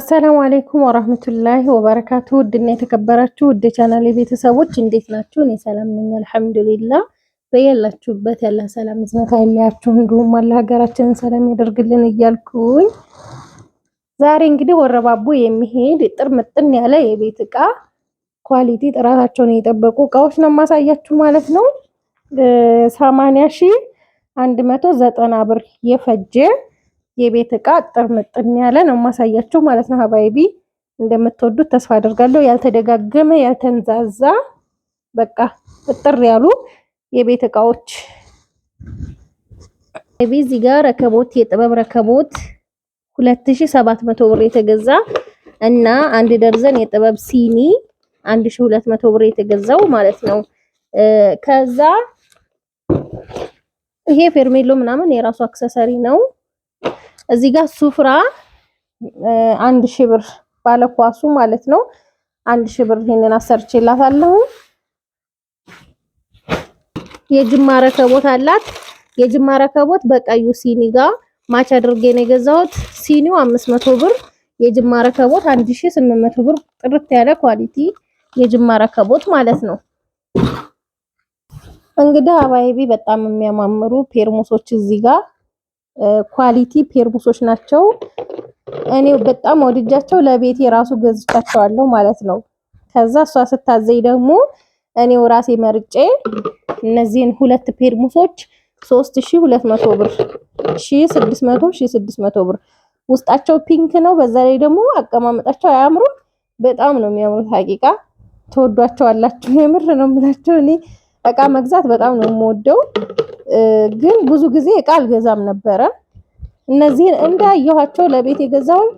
አሰላሙ አሌይኩም ወራህመቱላሂ ወበረካቱ። ውድና የተከበራችሁ ውድ ቻናል ቤተሰቦች እንዴት ናችሁ? እኔ ሰላም ነኝ አልሐምዱሊላ። በያላችሁበት ያለ ሰላም እዝነት አይለያችሁ፣ እንዲሁም አለ ሀገራችንን ሰላም ያደርግልን እያልኩኝ ዛሬ እንግዲህ ወረባቦ የሚሄድ ጥር ምጥን ያለ የቤት እቃ ኳሊቲ ጥራታቸውን የጠበቁ እቃዎች ነው የማሳያችሁ ማለት ነው። ሰማንያ ሺህ አንድ መቶ ዘጠና ብር የፈጀ የቤት እቃ ጥርምጥን ያለ ነው ማሳያችሁ ማለት ነው። ሀባይቢ እንደምትወዱት ተስፋ አድርጋለሁ ያልተደጋገመ ያልተንዛዛ፣ በቃ እጥር ያሉ የቤት እቃዎች ቤ እዚህ ጋር ረከቦት የጥበብ ረከቦት 2700 ብር የተገዛ እና አንድ ደርዘን የጥበብ ሲኒ 1200 ብር የተገዛው ማለት ነው። ከዛ ይሄ ፌርሜሎ ምናምን የራሱ አክሰሰሪ ነው። እዚህ ጋር ሱፍራ አንድ ሺህ ብር ባለኳሱ ማለት ነው። አንድ ሺህ ብር ይሄንን አሰርቼላታለሁ። የጅማ ረከቦት አላት። የጅማ ረከቦት በቀዩ ሲኒ ጋር ማች አድርጌ ነው የገዛሁት። ሲኒው 500 ብር፣ የጅማ ረከቦት 1800 ብር። ጥርት ያለ ኳሊቲ የጅማ ረከቦት ማለት ነው። እንግዲህ አባይቢ በጣም የሚያማምሩ ፔርሙሶች እዚህ ጋር ኳሊቲ ፔርሙሶች ናቸው። እኔ በጣም ወድጃቸው ለቤቴ ራሱ ገዝቻቸዋለሁ ማለት ነው። ከዛ እሷ ስታዘኝ ደግሞ እኔው ራሴ መርጬ እነዚህን ሁለት ፔርሙሶች 3200 ብር 1600 1600 ብር ውስጣቸው ፒንክ ነው። በዛ ላይ ደግሞ አቀማመጣቸው አያምሩም። በጣም ነው የሚያምሩት። ሀቂቃ ተወዷቸዋላችሁ። የምር ነው የምላቸው እኔ እቃ መግዛት በጣም ነው የምወደው፣ ግን ብዙ ጊዜ እቃ አልገዛም ነበረ። እነዚህን እንዳየኋቸው ለቤት የገዛሁኝ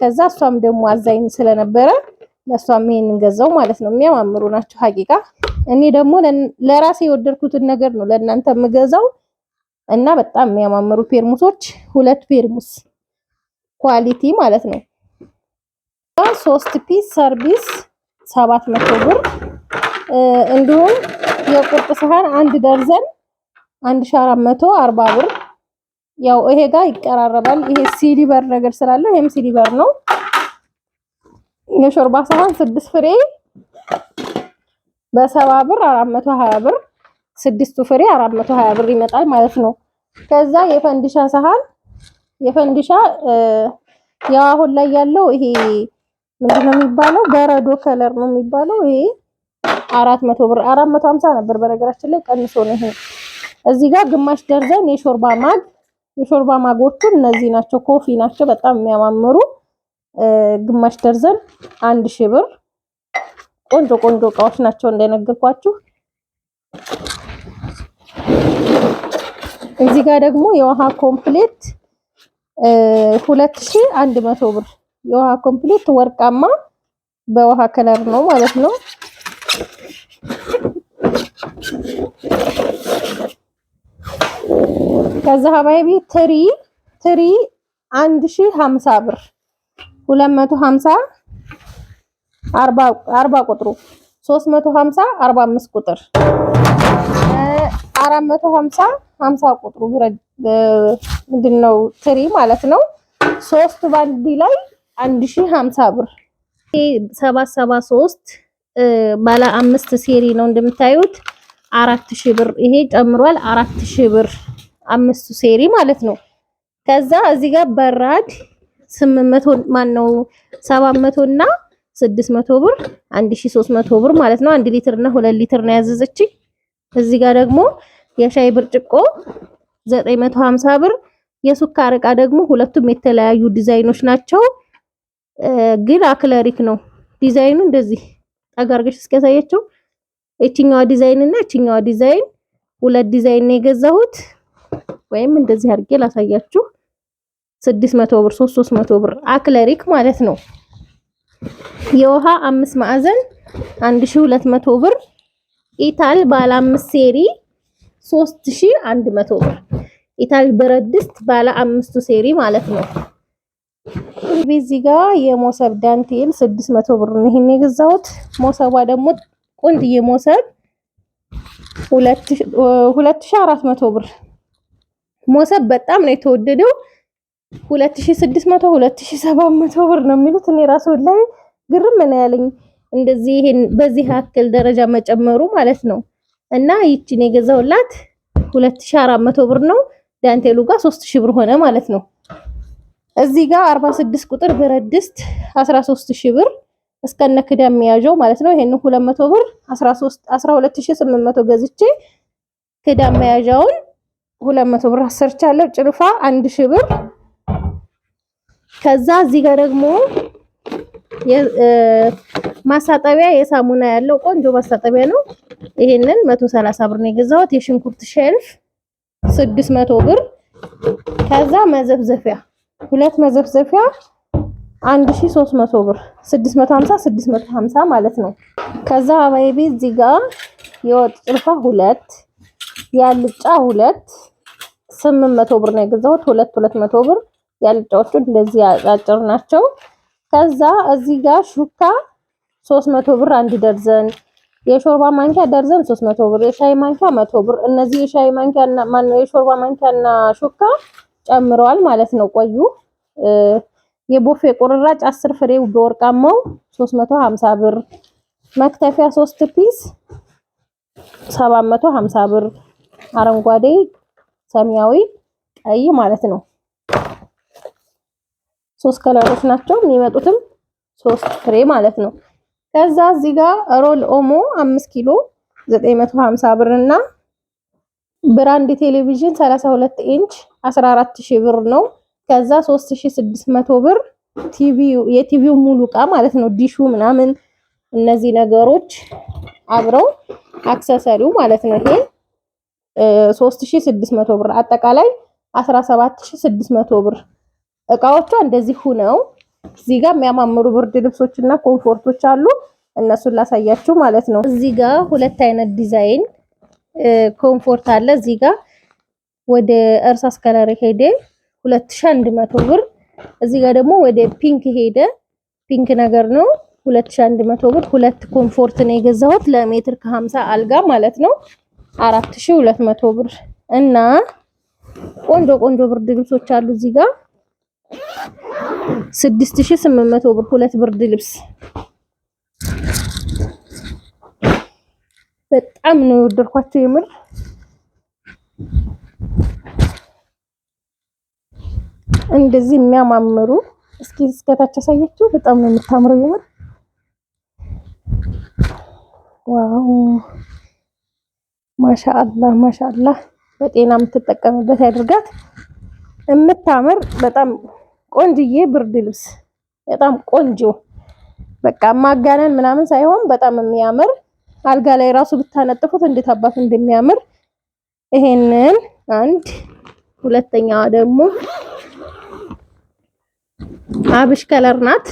ከዛ እሷም ደግሞ አዛኝ ስለነበረ ለእሷም ይሄንን ገዛው ማለት ነው። የሚያማምሩ ናቸው ሀቂቃ። እኔ ደግሞ ለራሴ የወደድኩትን ነገር ነው ለእናንተ የምገዛው እና በጣም የሚያማምሩ ፔርሙሶች ሁለት ፔርሙስ ኳሊቲ ማለት ነው። ሶስት ፒስ ሰርቪስ ሰባት መቶ ብር እንዲሁም የቁርጥ ሰሃን አንድ ደርዘን 1440 ብር። ያው ይሄ ጋር ይቀራረባል። ይሄ ሲሊበር ነገር ስላለው ይሄም ሲሊበር ነው። የሾርባ ሰሃን 6 ፍሬ በሰባ ብር 420 ብር፣ ስድስቱ ፍሬ 420 ብር ይመጣል ማለት ነው። ከዛ የፈንዲሻ ሰሃን የፈንዲሻ ያው አሁን ላይ ያለው ይሄ ምንድነው የሚባለው? በረዶ ከለር ነው የሚባለው ይሄ አራት መቶ ብር አራት መቶ ሀምሳ ነበር በነገራችን ላይ ቀንሶ ነው ይሄ። እዚህ ጋር ግማሽ ደርዘን የሾርባ ማግ የሾርባ ማጎቹ እነዚህ ናቸው፣ ኮፊ ናቸው፣ በጣም የሚያማምሩ ግማሽ ደርዘን አንድ ሺህ ብር። ቆንጆ ቆንጆ እቃዎች ናቸው እንደነገርኳችሁ። እዚህ ጋር ደግሞ የውሃ ኮምፕሌት ሁለት ሺህ አንድ መቶ ብር የውሃ ኮምፕሌት ወርቃማ በውሃ ከለር ነው ማለት ነው። ከዛ ሀባይቢ ትሪ ትሪ 1050 ብር 250 40 40 ቁጥሩ 350 45 ቁጥር 450 50 ቁጥሩ ምንድን ነው ትሪ ማለት ነው። ሶስቱ ባንዲ ላይ 1050 ብር 773 ባለ አምስት ሴሪ ነው እንደምታዩት 4000 ብር ይሄ ጨምሯል 4000 ብር አምስቱ ሴሪ ማለት ነው። ከዛ እዚህ ጋር በራድ 800 ማን ነው 700 እና 600 ብር 1300 ብር ማለት ነው። 1 ሊትር እና 2 ሊትር ነው ያዘዘች። እዚህ ጋር ደግሞ የሻይ ብርጭቆ 950 ብር፣ የሱካር ዕቃ ደግሞ ሁለቱም የተለያዩ ዲዛይኖች ናቸው፣ ግን አክለሪክ ነው ዲዛይኑ። እንደዚህ ጠጋርገሽ እስኪያሳያቸው እቺኛዋ ዲዛይን እና እቺኛዋ ዲዛይን ሁለት ዲዛይን ነው የገዛሁት። ወይም እንደዚህ አድርጌ ላሳያችሁ። 600 መቶ ብር 300 መቶ ብር አክለሪክ ማለት ነው። የውሃ አምስት ማዕዘን 1200 ብር። ኢታል ባለ አምስት ሴሪ 3100 ብር። ኢታል ብረት ድስት ባለ አምስቱ ሴሪ ማለት ነው። እዚህ ጋር የሞሰብ ዳንቴል 600 ብር ነው ይሄን የገዛሁት። ሞሰቧ ደግሞ ቆንጅዬ ሞሰብ 2400 ብር ሞሰብ በጣም ነው የተወደደው። 2600 2700 ብር ነው የሚሉት። እኔ ራሱ ላይ ግርም ነው ያለኝ እንደዚህ ይሄን በዚህ አክል ደረጃ መጨመሩ ማለት ነው። እና ይቺን የገዛውላት 2400 ብር ነው። ዳንቴሉ ጋር 3000 ብር ሆነ ማለት ነው። እዚህ ጋር 46 ቁጥር ብረት ድስት 13000 ብር እስከነ ክዳን መያዣው ማለት ነው። ይሄን 200 ብር 13 12800 ገዝቼ ክዳን መያዣውን ሁለት መቶ ብር አሰርቻለሁ። ጭልፋ አንድ ሺህ ብር። ከዛ እዚህ ጋር ደግሞ ማሳጠቢያ የሳሙና ያለው ቆንጆ ማሳጠቢያ ነው። ይሄንን 130 ብር ነው የገዛሁት። የሽንኩርት ሼልፍ 600 ብር። ከዛ መዘፍዘፊያ ሁለት መዘፍዘፊያ 1300 ብር 650 650 ማለት ነው። ከዛ አባይቤ እዚህ ጋር የወጥ ጭልፋ ሁለት ያልጫ ሁለት ስምንት መቶ ብር ነው የገዛሁት። ሁለት ሁለት መቶ ብር ያልጫዎቹ እንደዚህ አጫጭር ናቸው። ከዛ እዚህ ጋር ሹካ 300 ብር አንድ ደርዘን፣ የሾርባ ማንኪያ ደርዘን 300 ብር፣ የሻይ ማንኪያ 100 ብር። እነዚህ የሻይ ማንኪያ እና ማን የሾርባ ማንኪያ እና ሹካ ጨምረዋል ማለት ነው። ቆዩ የቦፌ ቁርራጭ 10 ፍሬው በወርቃማው 350 ብር፣ መክተፊያ 3 ፒስ 750 ብር፣ አረንጓዴ ሰማያዊ፣ ቀይ ማለት ነው። ሶስት ከለሮች ናቸው የሚመጡትም ሶስት ፍሬ ማለት ነው። ከዛ እዚህ ጋር ሮል ኦሞ 5 ኪሎ 950 ብር እና ብራንድ ቴሌቪዥን 32 ኢንች 14000 ብር ነው። ከዛ 3600 ብር ቲቪ የቲቪው ሙሉ እቃ ማለት ነው። ዲሹ ምናምን እነዚህ ነገሮች አብረው አክሰሰሪው ማለት ነው ይሄ 3600 ብር አጠቃላይ 17600 ብር እቃዎቿ እንደዚህ ሁነው እዚህ ጋር የሚያማምሩ ብርድ ልብሶችና ኮምፎርቶች አሉ። እነሱን ላሳያችሁ ማለት ነው። እዚህ ጋር ሁለት አይነት ዲዛይን ኮምፎርት አለ። እዚህ ጋር ወደ እርሳስ ከለር ሄደ 2100 ብር። እዚህ ጋር ደግሞ ወደ ፒንክ ሄደ ፒንክ ነገር ነው 2100 ብር። ሁለት ኮምፎርት ነው የገዛሁት ለሜትር ከ50 አልጋ ማለት ነው። አራት ሺህ ሁለት መቶ ብር እና ቆንጆ ቆንጆ ብርድ ልብሶች አሉ እዚህ ጋር ስድስት ሺህ ስምንት መቶ ብር ሁለት ብርድ ልብስ በጣም ነው የወደድኳቸው የምር እንደዚህ የሚያማምሩ እስኪ እስከታች ያሳየችው በጣም ነው የምታምረው የምር ዋው ማሻአላህ ማሻአላህ በጤና የምትጠቀምበት ያድርጋት። የምታምር በጣም ቆንጅዬ ብርድ ልብስ በጣም ቆንጆ በቃ ማጋነን ምናምን ሳይሆን በጣም የሚያምር አልጋ ላይ ራሱ ብታነጥፉት እንዴት አባት እንደሚያምር ይሄንን አንድ ሁለተኛዋ ደግሞ አብሽ ከለር ናት።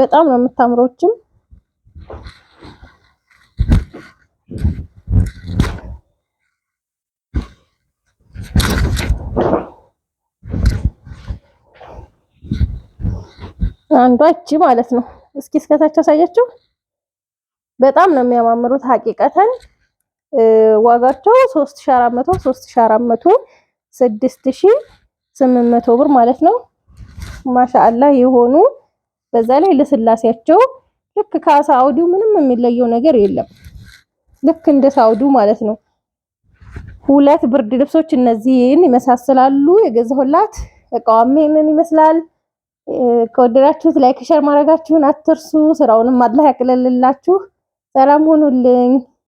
በጣም ነው የምታምሮችም አንዷ እቺ ማለት ነው። እስኪ እስከታች አሳያችሁ። በጣም ነው የሚያማምሩት ሀቂቀተን ዋጋቸው 3400 3400 6800 ብር ማለት ነው። ማሻአላ የሆኑ በዛ ላይ ለስላሴያቸው ልክ አውዲው ምንም የሚለየው ነገር የለም። ልክ እንደ ሳውዱ ማለት ነው። ሁለት ብርድ ልብሶች እነዚህን ይመሳሰላሉ። የገዛሁላት እቃዋም ይሄንን ይመስላል። ከወደዳችሁት ላይክ ሸር ማድረጋችሁን አትርሱ። ስራውንም አላህ ያቅለልላችሁ። ሰላም ሁኑልኝ።